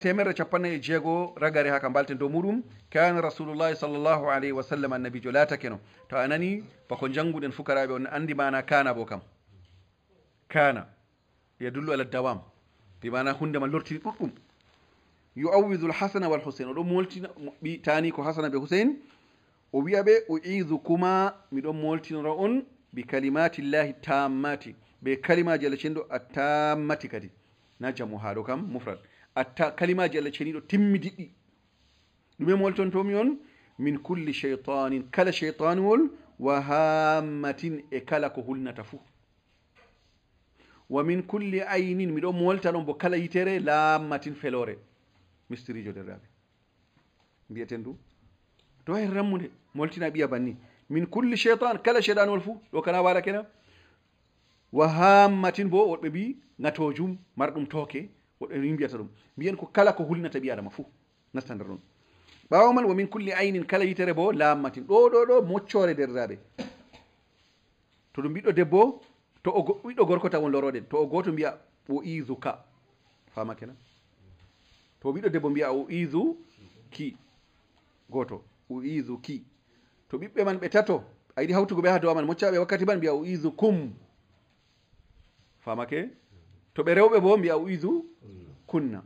temedde capanɗe e jeego ragare ha ka mbalten dow muɗum kana rasulullahi sallllahu alayhi wa sallam annabijo laatake no to a nani bako janguɗen fukaraɓe on andi mana kana bo kam kana yadullu ala dawam bi mana hunde ma lortiri ɗuɗɗum yuawidu lhasana walhusain oɗon moltina ɓi tani ko hasana ɓe husain o wiya ɓe uidukuma miɗon moltinora on bi kalimatillahi tammati be kalimaji allah cenɗo a tammati kadi na jamu haɗo kam mufrad atta kalimaji allah ceniɗo timmi diɗɗi ɗume moltontomi on min kulli cheytanin kala cheytanuwol wa hammatin e kala ko hulnata fuu wa min kulli aynin miɗo molta ɗon bo kala yitere laammatin felore mistirijo derraɓe mbiyeten du to wawi rammude moltina ɓiya banni min kulli cheytan kala cheɗanuwol fuu ɗo kana waɗa kena wa hammatin bo woɗɓe mbi ŋatojum marɗum tooke woɗɗono yimbiyata ɗum mbiyen ko kala ko hulnata ɓi adama fuu nastanda ɗon ɓawo man womin kulli aynin kala yitere bo lammatin ɗo ɗo ɗo moccore derdaɓe to ɗum ɓiɗɗo debbo to o ɓiɗɗo gorko tan won loroɗen to o goto mbiya o ka fama kenan to ɓiɗɗo debbo mbiya o isu ki goto o isu ki to ɓiɓɓe man ɓe tato a yiɗi hawtugo ɓe ha dowa man moccaɓe wakkati man mbiya o isu kum famake to ɓe rewɓe bo mbiya uidu kunna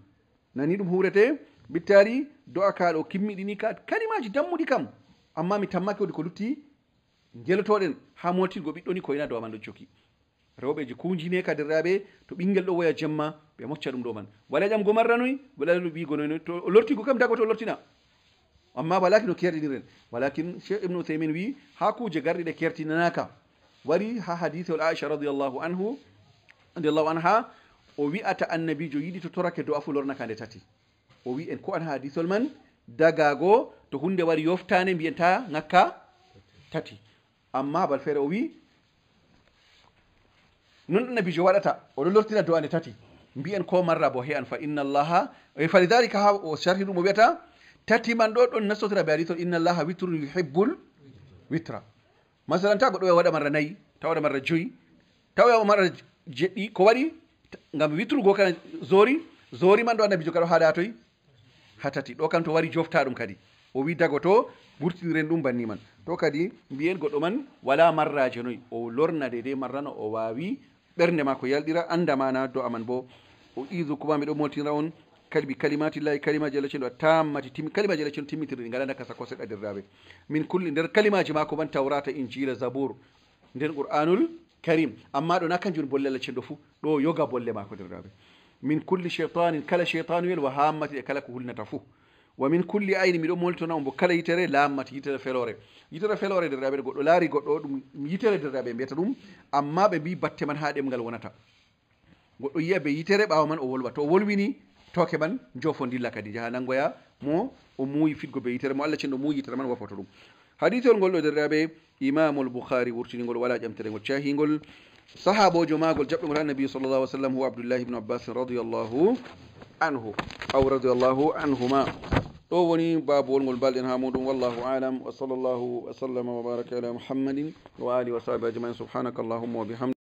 nani ɗum hurete mbittari do'a kaɗo kimmiɗini ka kanimaji dammuɗi kam amma mi tammaki wodi ko lutti jelotoɗen ha motilgo ɓiɗɗo ni koyna dowman ɗo joki rewɓeji kujine ka derraɓe to ɓingel ɗo woya jemma ɓe mocca ɗum ɗo man wala jam gomarranoy walaɗo wigonoyno to o lortigo kam dago to o lortina amma walakin o kerɗiniren walakin chekh ibnu ouhaymin wi ha kuje garɗiɗe kertinanaka wari ha hadiseol aicha radiallahu anhu رضي الله عنها وويأت النبي جو يدي تترك دو أفولورنا كانتاتي وي إن كوانها حديث المن داغاغو تهند واري يوفتاني بيانتا نكا تاتي أما بالفير وي نن النبي جو وارتا ولولورتنا دواني تاتي بيان كو مرة بوهي أنفا إن الله فلذلك ها وشاره دو مبيتا تاتي من دوت ونسو ترى باريتو إن الله وطر يحب الوطر مثلا تاقو دو يوادا مرة ناي تاو دو مرة جوي تاو دو مرة جوي jeɗɗi ko waɗi ngam witrugo kan zori zori man ɗo annabi joga ɗo haɗa toy ha tati ɗo kan to wari jofta ɗum kadi o wi dago to ɓurtiniren ɗum banni man to kadi mbiyen goɗɗo man wala marraje noy o lorna de de marrano o wawi ɓernde ma ko yalɗira annda mana do aman bo o isu kuma mbiɗo moltinira on kalbi kalimatillahi kalimaji allah ceeɗo tammati timi kalimaji allah ceeɗo timmitiri ɗi ngalana kasa ko seɗɗa derdaɓe min kulli nder kalimaji ma ko man tawrata injila zabour nden qur'anul كريم أما دو ناكن جون بولي لشدوفو دو يوغا بولي ما كتب رابي من كل شيطان كلا شيطان يل وهامة كلا كهول نتفو ومن كل عين ميدو مولتنا ومبو كلا يتري لامة يتري فلوري يتري فلوري در رابي غدو لاري غدو يتري در رابي بيتا دوم أما بي باتي من هادي مغال ونتا goɗɗo yiya ɓe yitere ɓawa man o wolwa to o wolwini toke man jofodilla kadi jaha nangoya mo o muuyi fitgo ɓe yitere mo allah cenno muuyi yitere man wafoto حديث يقول له درابي إمام البخاري ورشي يقول ولا جمت له وشاهي يقول صحابه جماعة يقول جبنا النبي صلى الله عليه وسلم هو عبد الله بن عباس رضي الله عنه أو رضي الله عنهما أوني باب ونقول بل إنها والله أعلم وصلى الله وسلم وبارك على محمد وآله وصحبه أجمعين سبحانك اللهم وبحمدك